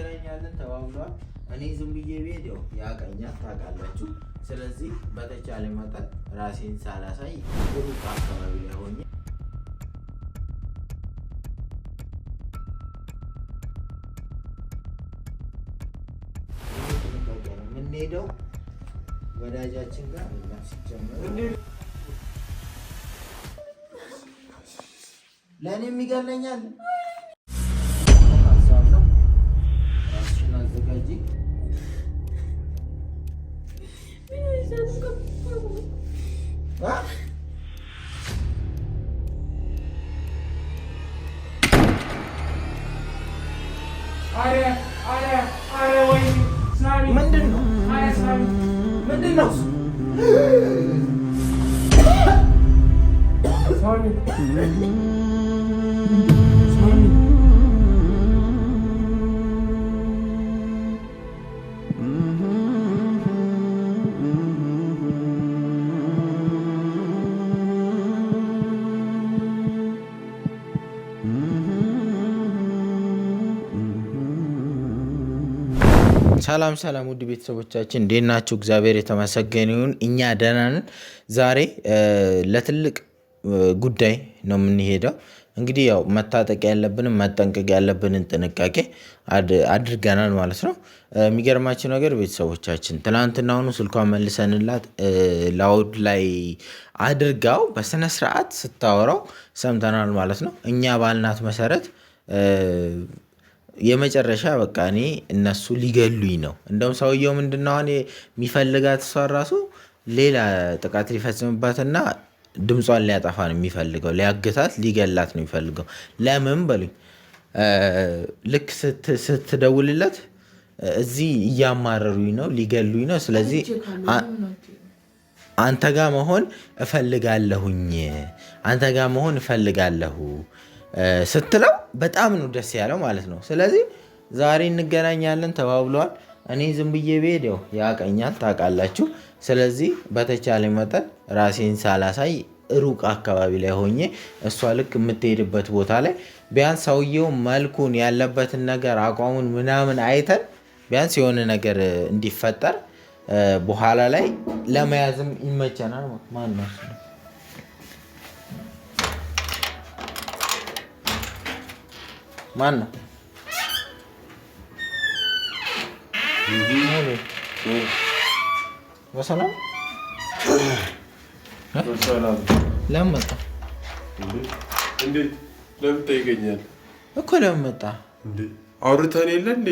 እንገናኛለን ተባብሏል። እኔ ዝም ብዬ ቤት ያው ያቀኛ ታውቃላችሁ። ስለዚህ በተቻለ መጠን ራሴን ሳላሳይ ሩቅ አካባቢ ላይ ሆኜ የምንሄደው ወዳጃችን ጋር ሲጀምር ለእኔ የሚገለኛል ምንድን ነው ምንድን ነው? ሳሚ ሰላም ሰላም ውድ ቤተሰቦቻችን እንዴት ናችሁ? እግዚአብሔር የተመሰገነ ይሁን። እኛ ደህና ነን። ዛሬ ለትልቅ ጉዳይ ነው የምንሄደው። እንግዲህ ያው መታጠቅ ያለብንም መጠንቀቅ ያለብንን ጥንቃቄ አድርገናል ማለት ነው። የሚገርማችን ነገር ቤተሰቦቻችን ትናንትና አሁኑ ስልኳን መልሰንላት ላውድ ላይ አድርጋው በስነስርዓት ስታወራው ሰምተናል ማለት ነው። እኛ ባልናት መሰረት የመጨረሻ በቃ እኔ እነሱ ሊገሉኝ ነው። እንደውም ሰውየው ምንድነው አሁን የሚፈልጋት እሷን ራሱ ሌላ ጥቃት ሊፈጽምባትና ድምጿን ሊያጠፋ ነው የሚፈልገው። ሊያግታት ሊገላት ነው የሚፈልገው። ለምን በሉኝ። ልክ ስትደውልለት እዚህ እያማረሩኝ ነው፣ ሊገሉኝ ነው፣ ስለዚህ አንተ ጋር መሆን እፈልጋለሁኝ፣ አንተ ጋር መሆን እፈልጋለሁ ስትለው በጣም ነው ደስ ያለው ማለት ነው። ስለዚህ ዛሬ እንገናኛለን ተባብለዋል። እኔ ዝም ብዬ ብሄድ ያው ያቀኛል ታውቃላችሁ። ስለዚህ በተቻለ መጠን ራሴን ሳላሳይ ሩቅ አካባቢ ላይ ሆኜ እሷ ልክ የምትሄድበት ቦታ ላይ ቢያንስ ሰውየው መልኩን ያለበትን ነገር አቋሙን ምናምን አይተን ቢያንስ የሆነ ነገር እንዲፈጠር በኋላ ላይ ለመያዝም ይመቸናል። ማን ነው ማን ነው? በሰላም ለምን መጣ? ለምን ታይገኛል እኮ ለምን መጣ? አውርተን የለ እንዴ?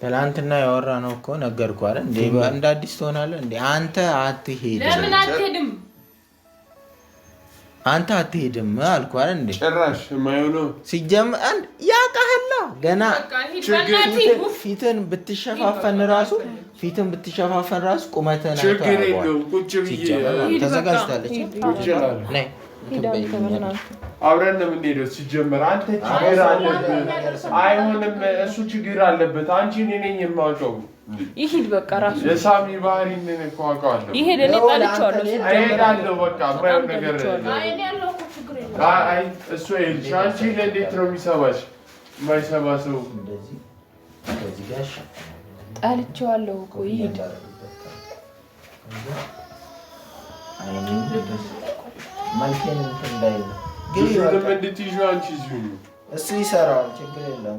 ትላንትና ያወራ ነው እኮ ነገርኩህ አይደል? እንደ አዲስ ትሆናለህ እንዴ? አንተ አትሄድም። ለምን አትሄድም? አንተ አትሄድም አልኩ አይደል እንዴ? ጭራሽ የማይሆነው ሲጀምር አንድ ያውቃህላ ገና ፊትን ብትሸፋፈን ራሱ ፊትን ብትሸፋፈን ራሱ ቁመትን ተዘጋጅታለች። አብረን ነው የምንሄደው። ሲጀምር አንተ ችግር አለበት፣ አይሆንም። እሱ ችግር አለበት። አንቺን እኔ ነኝ የማውቀው ይሄድ በቃ ራሱ የሳሚ ባህሪ ምን እኮ አውቀዋለሁ። ይሄድ እኔ ጣልቻለሁ። እሄዳለሁ በቃ ባይሆን ነገር አይ እሱ ይልሽ አንቺ ለእንዴት ነው የሚሰባሽ? የማይሰባ ሰው ጣልቻለሁ እኮ ይሄድ እሱ ይሰራዋል። ችግር የለም።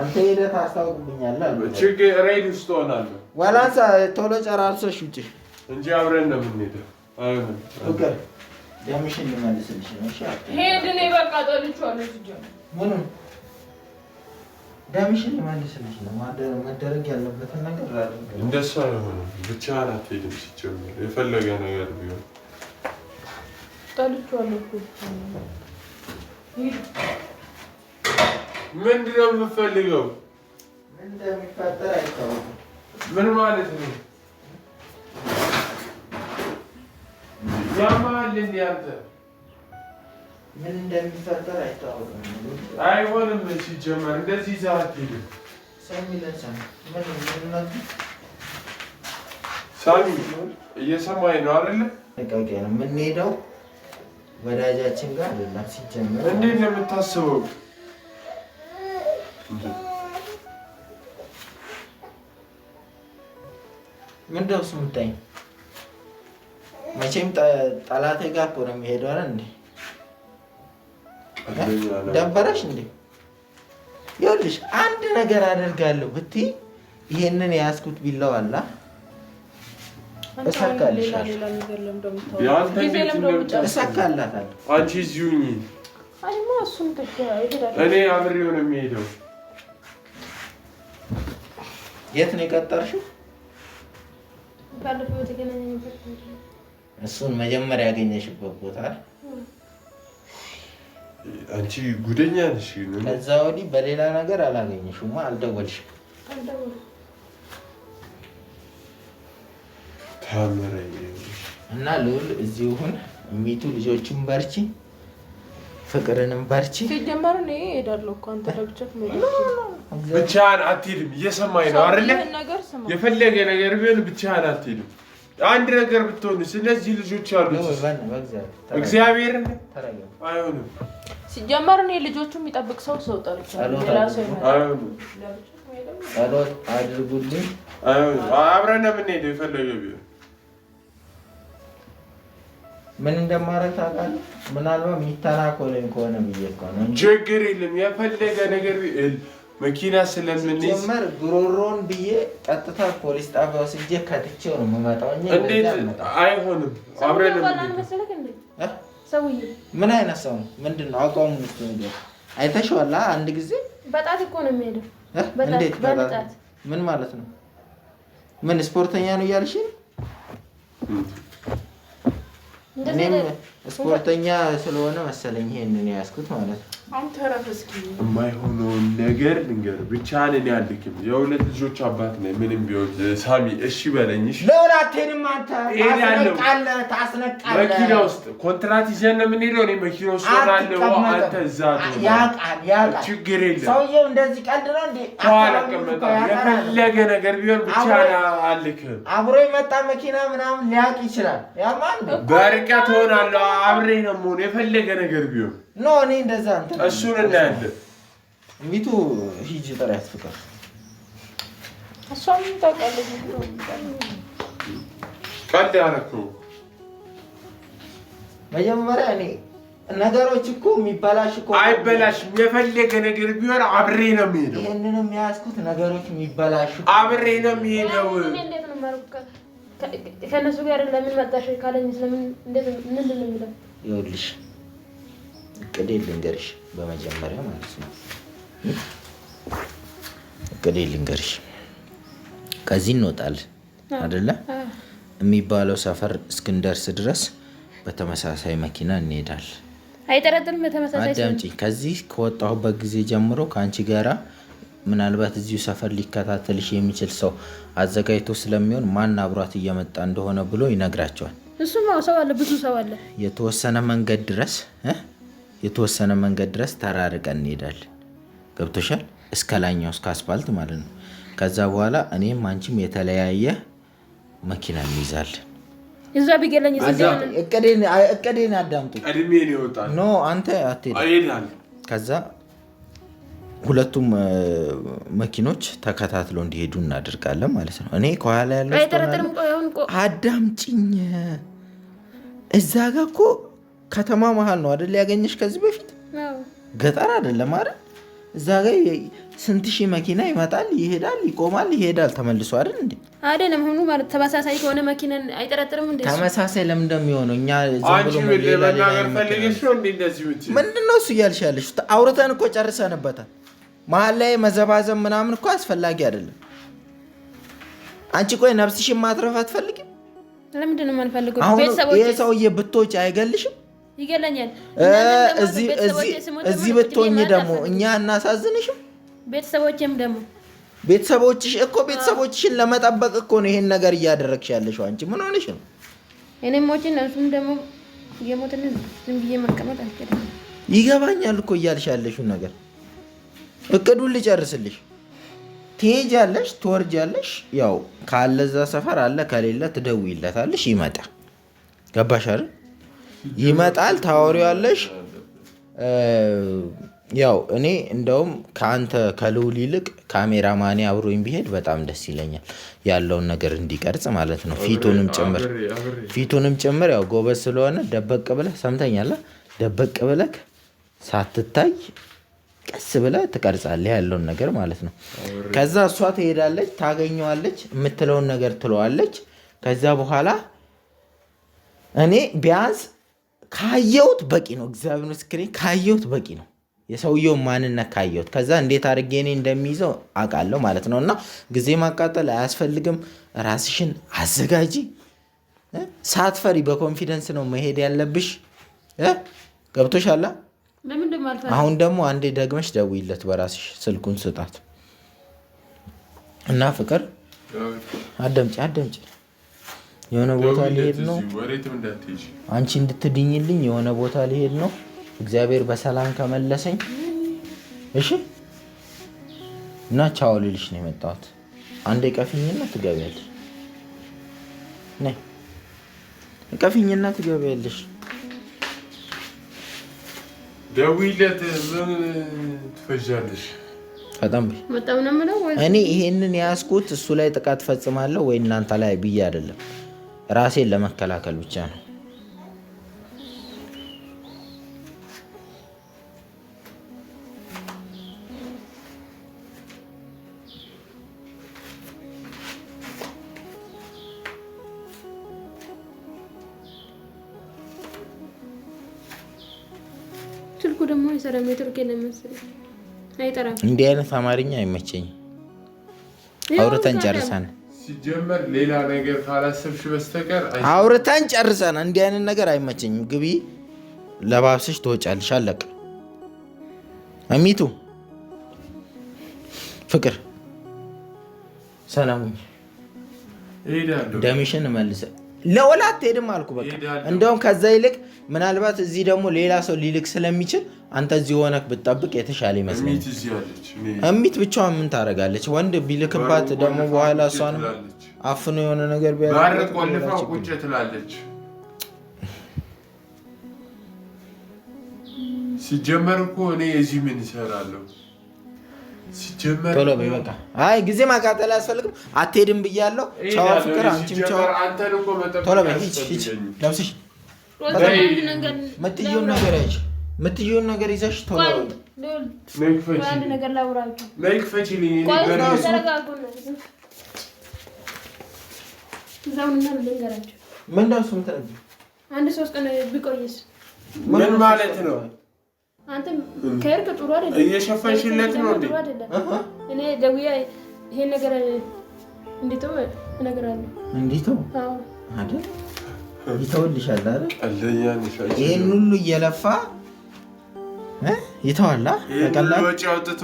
አንተ ሄደህ ታስታውቅብኛለህ። ችግር ሬድ ውስጥ ሆናለሁ። ወላንሳ ቶሎ ጨራርሰሽ ውጪ እንጂ አብረን ነው የምንሄደው። ፍቅር ደምሽን ልመልስልሽ ነው። ሄድን በቃ ጠልቼዋለሁ። ምኑ ደምሽን ልመልስልሽ ነው። መደረግ ያለበትን ነገር እንደሱ አይሆንም። ብቻህን አትሄድም። ሲጀምር የፈለገ ነገር ቢሆን ጠልቼዋለሁ። ምንድን ነው የምፈልገው? ምን ማለት ነው? ያማል እንደ አንተ ምን እንደሚፈጠር አይታወቅም። አይሆንም። ሲጀመር እንደዚህ ሰዓት ሄደ ሳሚ እየሰማኝ ነው አይደለ? የምንሄደው ወዳጃችን ጋር አይደለም። ሲጀመር እንዴት ነው የምታስበው? ምንድነው እሱ የምታኝ? መቼም ጠላት ጋር እኮ ነው የሚሄደው። አረ እንዴ ደበረሽ እንዴ? ይኸውልሽ አንድ ነገር አደርጋለሁ ብትይ ይሄንን የያዝኩት ቢላው አላ እሳካልሻለሁ። እኔ አብሬው ነው የሚሄደው የት ነው የቀጠርሽው? እሱን መጀመሪያ ያገኘሽበት ቦታ አንቺ ጉደኛ ነሽ። ከዛ ወዲህ በሌላ ነገር አላገኘሽም፣ አልደወልሽም። እና እዚሁ ሁን። የሚቱ ልጆችን በርቺ፣ ፍቅርንም በርቺ። ሲጀመር እኔ እሄዳለሁ እኮ አንተ ነው ብቻህን አትሄድም። እየሰማኝ ነው አይደለ? የፈለገ ነገር ቢሆን ብቻህን አትሄድም። አንድ ነገር ብትሆን ስለዚህ ልጆች አሉት። እግዚአብሔር አይሆንም። ሲጀመር እኔ ልጆቹ የሚጠብቅ ሰው ሰው ጠርቻለሁ። ጸሎት አድርጉልኝ። አብረን የምንሄደው የፈለገ ቢሆን ምን እንደማረግ ታውቃለህ። ምናልባት የሚተናኮለኝ ከሆነ ብዬሽ እኮ ነው። ችግር የለም የፈለገ ነገር መኪና ስለምንይዝ ጀመር ጉሮሮን ብዬ ቀጥታ ፖሊስ ጣቢያ ወስጄ ከትቼው ነው የምመጣው። እንዴት አይሆንም? አብረን ምን አይነት ሰው ነው? ምንድን ነው አቋሙ? ሚስቱ ነገር አይተሽዋል? አንድ ጊዜ በጣት እኮ ነው የሚሄደው። እንዴት በጣት ምን ማለት ነው? ምን ስፖርተኛ ነው እኔም ስፖርተኛ ስለሆነ መሰለኝ ይሄንን የያዝኩት ማለት ነው። የማይሆነውን ነገር ንገር ብቻ እኔ አልክም። የሁለት ልጆች አባት ነኝ። ምንም ቢሆን ሳሚ እሺ በለኝ። መኪና ውስጥ ኮንትራት ይዘን ነው የምንሄደው። እኔ መኪና ውስጥ ሆናለሁ። አንተ እዛ ያቃል ያቃል። ችግር የለም። ሰውዬው እንደዚህ ቀልድ ነው እንዴ? የፈለገ ነገር ቢሆን ብቻ አልክም። አብሮ የመጣ መኪና ምናምን ሊያውቅ ይችላል። በርቀት ሆናለሁ አብሬ ነው መሆኑ የፈለገ ነገር ቢሆን ኖ እኔ እንደዛ እሱን እናያለን። ሚቱ ሂጅ ጥሪያት ፍቅር እሷም ታውቃለች። ቀልድ ያደረኩህ መጀመሪያ እኔ ነገሮች እኮ የሚበላሽ እኮ አይበላሽም። የፈለገ ነገር ቢሆን አብሬ ነው የሚሄደው። ይህንንም የያዝኩት ነገሮች የሚበላሽ አብሬ ነው የሚሄደው። ከእነሱ ጋር ለምን መጣሽ ካለኝ ስለምን ምንድን ነው የሚለው? ይኸውልሽ እቅዴ ልንገርሽ፣ በመጀመሪያ ማለት ነው እቅዴ ልንገርሽ። ከዚህ እንወጣለን አይደለ የሚባለው ሰፈር እስክንደርስ ድረስ በተመሳሳይ መኪና እንሄዳል። አይጠረጥርም። በተመሳሳይ አዳምጪኝ። ከዚህ ከወጣሁበት ጊዜ ጀምሮ ከአንቺ ጋራ ምናልባት እዚሁ ሰፈር ሊከታተልሽ የሚችል ሰው አዘጋጅቶ ስለሚሆን ማን አብሯት እየመጣ እንደሆነ ብሎ ይነግራቸዋል። እሱም ሰው አለ፣ ብዙ ሰው አለ። የተወሰነ መንገድ ድረስ የተወሰነ መንገድ ድረስ ተራርቀን እንሄዳለን። ገብቶሻል? እስከ ላኛው እስከ አስፓልት ማለት ነው። ከዛ በኋላ እኔም አንቺም የተለያየ መኪና እንይዛለን። እዛ ቢገለኝ እቅዴን አዳምጡ። ኖ አንተ አትሄድም። ከዛ ሁለቱም መኪኖች ተከታትለው እንዲሄዱ እናደርጋለን ማለት ነው። እኔ ከኋላ ያለው አዳምጪኝ። እዛ ጋ እኮ ከተማ መሀል ነው አደል? ያገኘሽ ከዚህ በፊት ገጠር አይደለም አይደል? እዛ ጋ ስንት ሺህ መኪና ይመጣል፣ ይሄዳል፣ ይቆማል፣ ይሄዳል ተመልሶ አይደል እንዴ? አይደለም ሆኑ ማለት ተመሳሳይ ከሆነ መኪና አይጠረጥርም እንዴ? ተመሳሳይ ለምን እንደሚሆነው እኛ ምንድን ነው እሱ እያልሽ ያለሽ? አውርተን እኮ ጨርሰንበታል። መሀል ላይ መዘባዘብ ምናምን እኮ አስፈላጊ አይደለም። አንቺ ቆይ ነፍስሽን ማትረፍ አትፈልግም? ለምንድን ነው የማንፈልገው? ይሄ ሰውዬ ብትወጪ አይገልሽም? ይገለኛል። እዚህ ብትሆኝ ደግሞ እኛ እናሳዝንሽም። ቤተሰቦችም ደግሞ ቤተሰቦችሽ እኮ ቤተሰቦችሽን ለመጠበቅ እኮ ነው ይሄን ነገር እያደረግሽ ያለሽው። አንቺ ምን ሆነሽ ነው? እኔም ሞችን እሱም ደግሞ የሞትን ዝም ብዬ መቀመጥ አልችልም። ይገባኛል እኮ እያልሽ ያለሽው ነገር እቅዱን ልጨርስልሽ። ትሄጃለሽ፣ ትወርጃለሽ። ያው ካለ እዛ ሰፈር አለ፣ ከሌለ ትደውይለታለሽ። ይመጣ ገባሽ አይደል? ይመጣል፣ ታወሪዋለሽ። ያው እኔ እንደውም ከአንተ ከልውል ይልቅ ካሜራ ማኔ አብሮኝ ቢሄድ በጣም ደስ ይለኛል። ያለውን ነገር እንዲቀርጽ ማለት ነው። ፊቱንም ጭምር ፊቱንም ጭምር ያው ጎበዝ ስለሆነ ደበቅ ብለህ ሰምተኛለህ፣ ደበቅ ብለህ ሳትታይ ቀስ ብለ ትቀርጻለህ ያለውን ነገር ማለት ነው። ከዛ እሷ ትሄዳለች፣ ታገኘዋለች፣ የምትለውን ነገር ትለዋለች። ከዛ በኋላ እኔ ቢያንስ ካየሁት በቂ ነው። እግዚአብሔር ምስክሬ ካየሁት በቂ ነው። የሰውየው ማንነት ካየሁት ከዛ እንዴት አድርጌ እኔ እንደሚይዘው አውቃለሁ ማለት ነው። እና ጊዜ ማቃጠል አያስፈልግም። ራስሽን አዘጋጂ። ሳትፈሪ በኮንፊደንስ ነው መሄድ ያለብሽ። ገብቶሻል? አሁን ደግሞ አንዴ ደግመሽ ደውይለት በራስሽ ስልኩን ስጣት እና ፍቅር አደምጭ አደምጭ የሆነ ቦታ ሊሄድ ነው። አንቺ እንድትድኝልኝ የሆነ ቦታ ሊሄድ ነው። እግዚአብሔር በሰላም ከመለሰኝ እሺ። እና ቻው ልልሽ ነው የመጣሁት። አንዴ ቀፊኝና ትገቢያለሽ። ቀፊኝና ትገቢያለሽ። ደውይለት። ምን ትፈጃለሽ? በጣም ነው የምለው። እኔ ይሄንን የያዝኩት እሱ ላይ ጥቃት ፈጽማለሁ ወይ እናንተ ላይ ብዬ አይደለም፣ ራሴን ለመከላከል ብቻ ነው። ስልኩ ደግሞ አይሰራም። የቱርክ ለመሰለኝ አይጠራም። እንዲህ አይነት አማርኛ አይመቸኝም። አውርተን ጨርሰን ሲጀመር ሌላ ነገር ካላሰብሽ በስተቀር አውርተን ጨርሰን እንዲህ አይነት ነገር አይመቸኝም። ግቢ ለባብስሽ ትወጫለሽ። አለቅ እሚቱ ፍቅር ሰላሙኝ ደምሽን መልሰ ለወላ አትሄድም አልኩ። በቃ እንደውም ከዛ ይልቅ ምናልባት እዚህ ደግሞ ሌላ ሰው ሊልክ ስለሚችል አንተ እዚህ ሆነህ ብትጠብቅ የተሻለ ይመስለኛል። እሚት ብቻዋን ምን ታደርጋለች? ወንድ ቢልክባት ደግሞ በኋላ እሷን አፍኖ የሆነ ነገር ሲጀመር እኮ እኔ እዚህ ምን እሰራለሁ ቶሎ በይ በቃ። አይ ጊዜ ማቃጠል አያስፈልግም። አትሄድም ብያለሁ። ቻዋ ፍቅር፣ አንቺም ቻው። ቶሎ በይ ሂጅ፣ ለብስሽ ምትየውን ነገር ያች ምትየውን ነገር ይዘሽ ቶሎ ምን ምትነ አንድ ሶስት ቀን ቢቆይስ ምን ማለት ነው? አንተም ከእርቅ ጥሩ አይደለም። እየሸፈንሽለት ነው እንዴ? እኔ ደውዬ ይሄን ነገር እንዲተው እነግራለሁ። እንዲተው አይደል? ይተውልሻል አይደል? ይሄን ሁሉ እየለፋ ይተዋላ በቀላል ወጪ አውጥቶ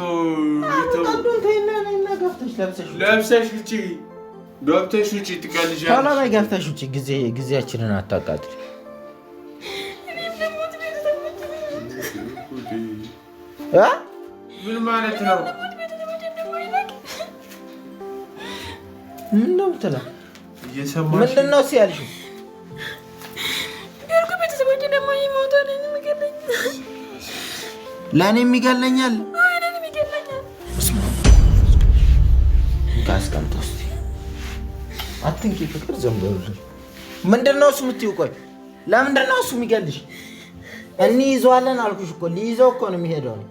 ለብሰሽ ውጪ ገብተሽ ውጪ ትቀልጃለሽ። ገብተሽ ውጪ። ጊዜያችንን አታቃጥል። ምን ማለት ነው? ምን ነው የምትለው? ምንድን ነው ሲያልሽ? ለእኔ የሚገለኛል አስቀምጠው እስኪ አትንኪ ፍቅር ዘንበ ምንድን ነው እሱ የምትይው? ቆይ ለምንድን ነው እሱ የሚገልሽ? እንይዘዋለን አልኩሽ እኮ ሊይዘው እኮ ነው የሚሄደው ነው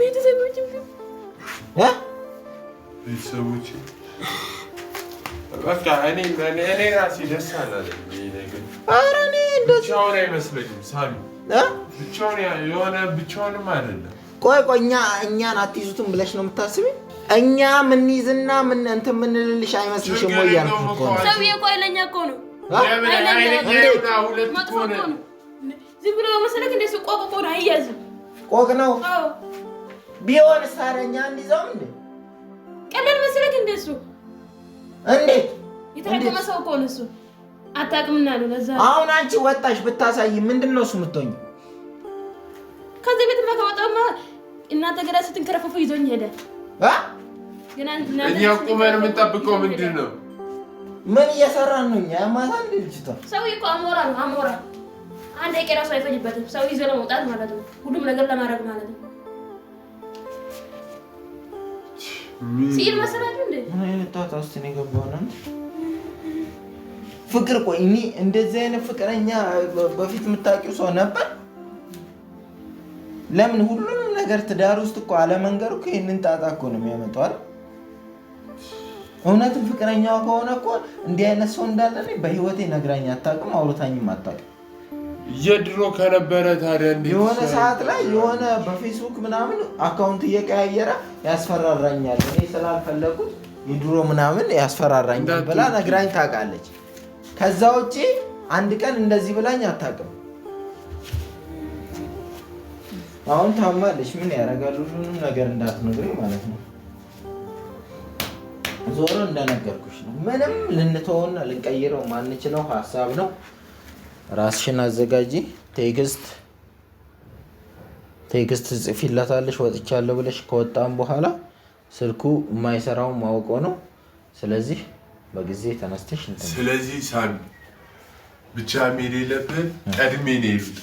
ቤተሰቦች ቤተሰቦች በቃ እኔ ራሴ ደስ አላለኝ። ኧረ እኔ ብቻውን አይመስለኝም። ሳሚ ብቻውን የሆነ ብቻውንም አይደለም። ቆይ ቆይ እኛ እኛን አትይዙትም ብለሽ ነው የምታስቢ? እኛ ምንይዝና ምን እንትን ምንልልሽ አይመስልሽም ወይ ያልኩ እኮ ነው። ሰውዬ እኮ ኃይለኛ እኮ ነው። ዝም ብሎ መሰለህ እንደ ቆቅ እኮ አይያዝም ቆቅ ነው ቢሆን ሳረኛ እንዲዘው እንዴ ቀላል መሰለህ? እንደሱ እንዴት የተረገመ ሰው እኮ ነው እሱ። አታውቅምና ነው ለዛ። አሁን አንቺ ወጣሽ ብታሳይ ምንድን ነው እሱ የምትሆኝ? ከዚህ ቤት ከወጣሁማ እናንተ ገና ስትንከረፈፉ ይዞኝ ሄደ። እኛ ቁመን የምንጠብቀው ምንድን ነው? ምን እየሰራን ነው? እኛ ያማታ እንደ ልጅቷ ሰውዬ እኮ አሞራ ነው አሞራ። አንድ ቄራሱ አይፈጅበትም ሰው ይዞ ለመውጣት ማለት ነው፣ ሁሉም ነገር ለማድረግ ማለት ነው። ፍቅር ቆይ እኔ እንደዚህ አይነት ፍቅረኛ በፊት የምታውቂው ሰው ነበር? ለምን ሁሉንም ነገር ትዳር ውስጥ እኮ አለመንገሩ ይህንን ጣጣ እኮ ነው የሚያመጣው። እውነትም ከሆነ እኮ እንዲህ አይነት ሰው እንዳለ በህይወቴ ነግራኝ አታውቅም፣ አውርታኝም አታውቅም። የድሮ ከነበረ ታዲያ የሆነ ሰዓት ላይ የሆነ በፌስቡክ ምናምን አካውንት እየቀያየረ ያስፈራራኛል፣ እኔ ስላልፈለጉት የድሮ ምናምን ያስፈራራኛል ብላ ነግራኝ ታውቃለች። ከዛ ውጭ አንድ ቀን እንደዚህ ብላኝ አታውቅም። አሁን ታማለች። ምን ያደርጋል? ሁሉንም ነገር እንዳትነግሪ ማለት ነው። ዞሮ እንደነገርኩሽ ነው። ምንም ልንተውና ልንቀይረው ማንችለው ሀሳብ ነው። ራስሽን አዘጋጂ። ቴክስት ቴክስት ጽፊላታለሽ ወጥቻለሁ ብለሽ ከወጣም በኋላ ስልኩ የማይሰራውን ማወቆ ነው። ስለዚህ በጊዜ ተነስተሽ ስለዚህ ሳሚ ብቻ መሄድ የለብን ቀድሜ ነው ይሉጣ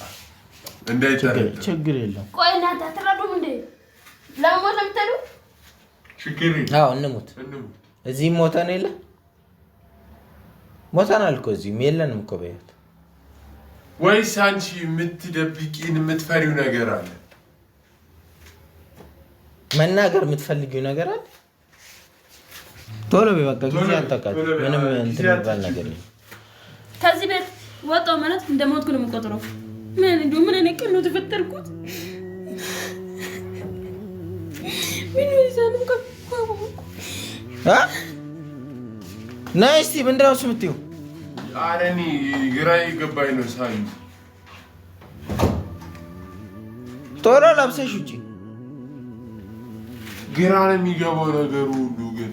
እንዳይጠረጠር ችግር የለም። ቆይ እናንተ አትረዱም እንዴ? ለሞት ለምትሉ ችግር አዎ፣ እንሙት እዚህም ሞተን የለ ሞተናል እኮ እዚህም የለንም እኮ በይወት ወይስ አንቺ የምትደብቂን የምትፈሪው ነገር አለ? መናገር የምትፈልጊው ነገር አለ? ቶሎ በቃ ጊዜ አታውቃት። ምንም እንትን የሚባል ነገር ነው። ከዚህ ቤት ማለት እንደ ሞትኩ ነው የምቆጥረው። ምን ምን እኔ ነው ተፈጠርኩት። ነይ ምንድን ነው እሱ የምትይው? ኧረ እኔ ግራ የገባኝ ነው። ሳሚ ቶሎ ለብሰሽ ውጪ። ግራ ነው የሚገባው ነገሩ ሁሉ። ግን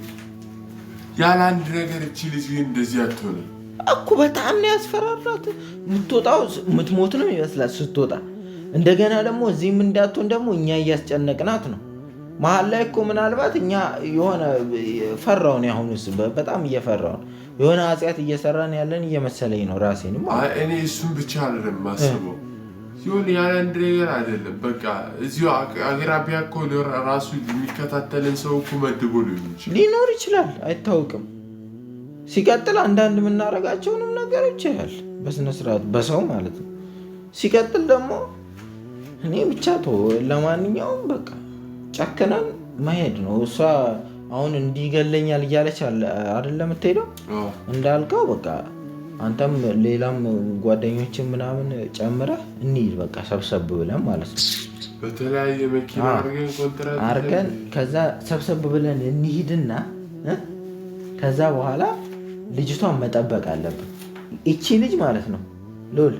ያለ አንድ ነገር እቺ ልጅ ግን እንደዚህ አትሆንም እኮ። በጣም ነው ያስፈራራት። የምትወጣው የምትሞት ነው ይመስላል ስትወጣ። እንደገና ደግሞ እዚህም እንዳትሆን ደግሞ እኛ እያስጨነቅናት ነው። መሀል ላይ እኮ ምናልባት እኛ የሆነ ፈራውን ያሁኑስ በጣም እየፈራውን የሆነ ኃጢአት እየሰራን ያለን እየመሰለኝ ነው። ራሴን እኔ እሱን ብቻ አይደለም ማስበው ሲሆን ያለ አንድ ነገር አይደለም። በቃ እዚሁ አቅራቢያ እኮ ራሱ የሚከታተልን ሰው እኮ መድቦ ሊኖር ይችላል፣ አይታወቅም። ሲቀጥል አንዳንድ የምናደርጋቸውንም ነገሮች ያህል በስነስርዓት በሰው ማለት ነው። ሲቀጥል ደግሞ እኔ ብቻ ቶ ለማንኛውም በቃ ጨክነን መሄድ ነው እሷ አሁን እንዲገለኛል እያለች አይደለም የምትሄደው እንዳልከው በቃ አንተም ሌላም ጓደኞችን ምናምን ጨምረህ እንሂድ በቃ ሰብሰብ ብለን ማለት ነው። በተለያየ መኪና አድርገን ከዛ ሰብሰብ ብለን እንሂድና ከዛ በኋላ ልጅቷን መጠበቅ አለብን። ይቺ ልጅ ማለት ነው ሎል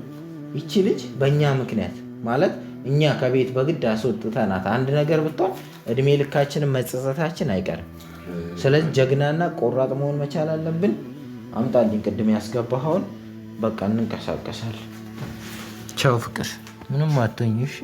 ይቺ ልጅ በእኛ ምክንያት ማለት እኛ ከቤት በግድ አስወጥተናት አንድ ነገር ብትሆን እድሜ ልካችንን መጸጸታችን አይቀርም። ስለዚህ ጀግናና ቆራጥ መሆን መቻል አለብን። አምጣልኝ ቅድም ያስገባኸውን በቃ እንንቀሳቀሳል። ቻው ፍቅር፣ ምንም አትሆኝሽ።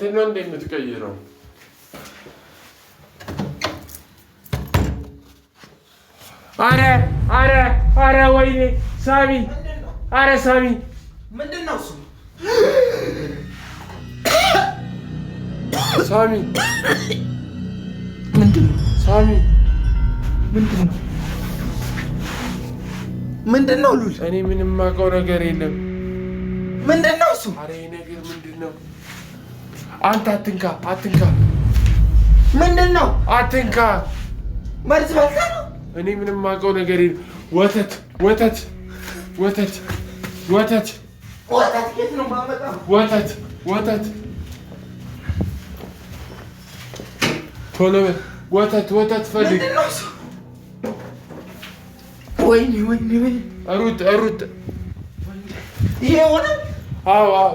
ሁለተኛ እንደምትቀይረው አረ አረ አረ ወይኔ ሳሚ አረ ሳሚ ምንድን ነው እሱ ሳሚ ምንድን ነው ሳሚ ምንድን ነው ምንድን ነው ሉል እኔ ምንም የማውቀው ነገር የለም ምንድን ነው እሱ አረ ይሄ ነገር ምንድን ነው አንተ አትንካ፣ አትንካ። ምንድን ነው አትንካ? መርዝ በልታ ነው። እኔ ምንም የማውቀው ነገር ወተት፣ ወተት፣ ወተት፣ ወተት፣ ወተት፣ ወተት፣ ቶሎ ወተት ፈልግ። ወይኔ ወይኔ፣ ሩጥ ሩጥ። ይሄ ሆነ። አዎ አዎ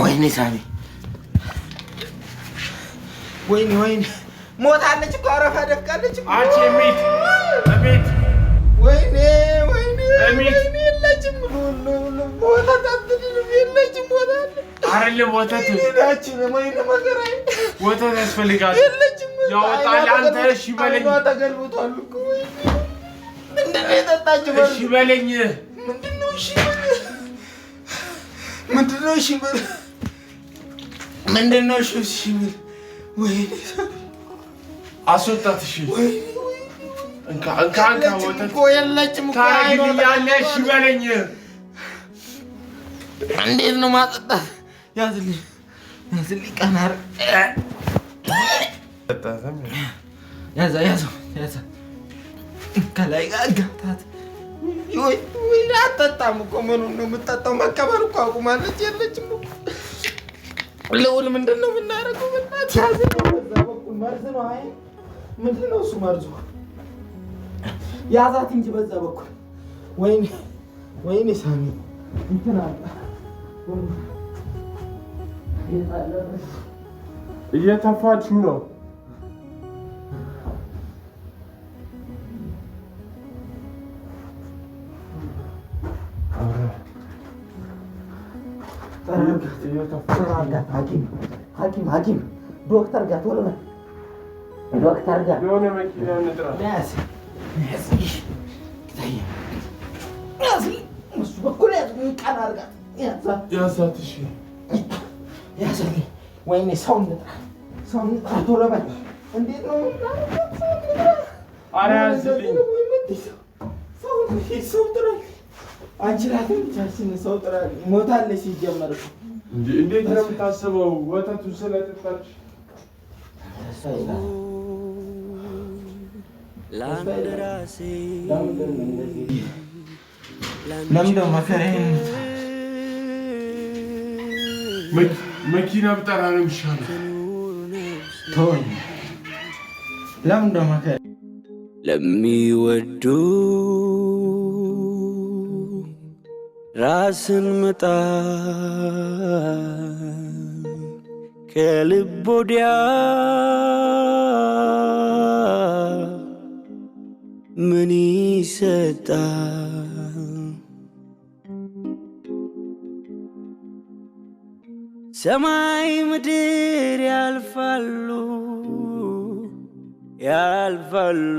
ወይኔ ሳሚ፣ ወይኔ ወይኔ፣ ሞታለች እኮ አረፋ ደፍቃለች። ወይኔ ወይኔ፣ የለችም የለችም፣ ወተት ያስፈልጋል። ተገልብቷል። ምንድን ነው የጠጣችው? በለኝ ምንድነው? እሺ ምን ምንድነው? እሺ እሺ ወይኔ አስወጣት። እሺ እሺ በለኝ። እንዴት ነው ማጠጣት? ያዝልኝ ያዝልኝ። ያዛ ያዛ ያዛ ከላይ ጋር አጠጣም እኮ ነው የምጠጣው? መቀበር እኮ አቁማለች የለችም። ልውል ምንድን ነው የምናደርገው? መርዝ ነው። ምንድን ነው እሱ መርዙ? ያዛት እንጂ በዛ በኩል ወይኔ፣ ወይኔ ሳሚ እንትን አለ ነው ሐኪም ሐኪም ዶክተር ጋር ቶሎ ነው ዶክተር ጋር ወይኔ ሰው እንጥራ ሰው እንጥራ ቶሎ አንችላትም ቻችን ሰው ጥራ ሞታለች። ሲጀመር እንዴት ነው የምታስበው? ወተቱ ስለጠጣች ለምንድነው መከረኝ። መኪና ብጠራ ነው የሚሻለው። ተወኝ። ለምንድነው መከረኝ ለሚወዱ ራስን መጣል ከልብ ወዲያ ምን ይሰጣል? ሰማይ ምድር ያልፋሉ ያልፋሉ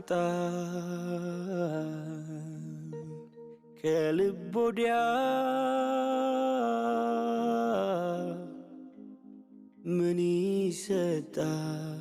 አልመጣም ከልብ ወዲያ ምን ይሰጣል?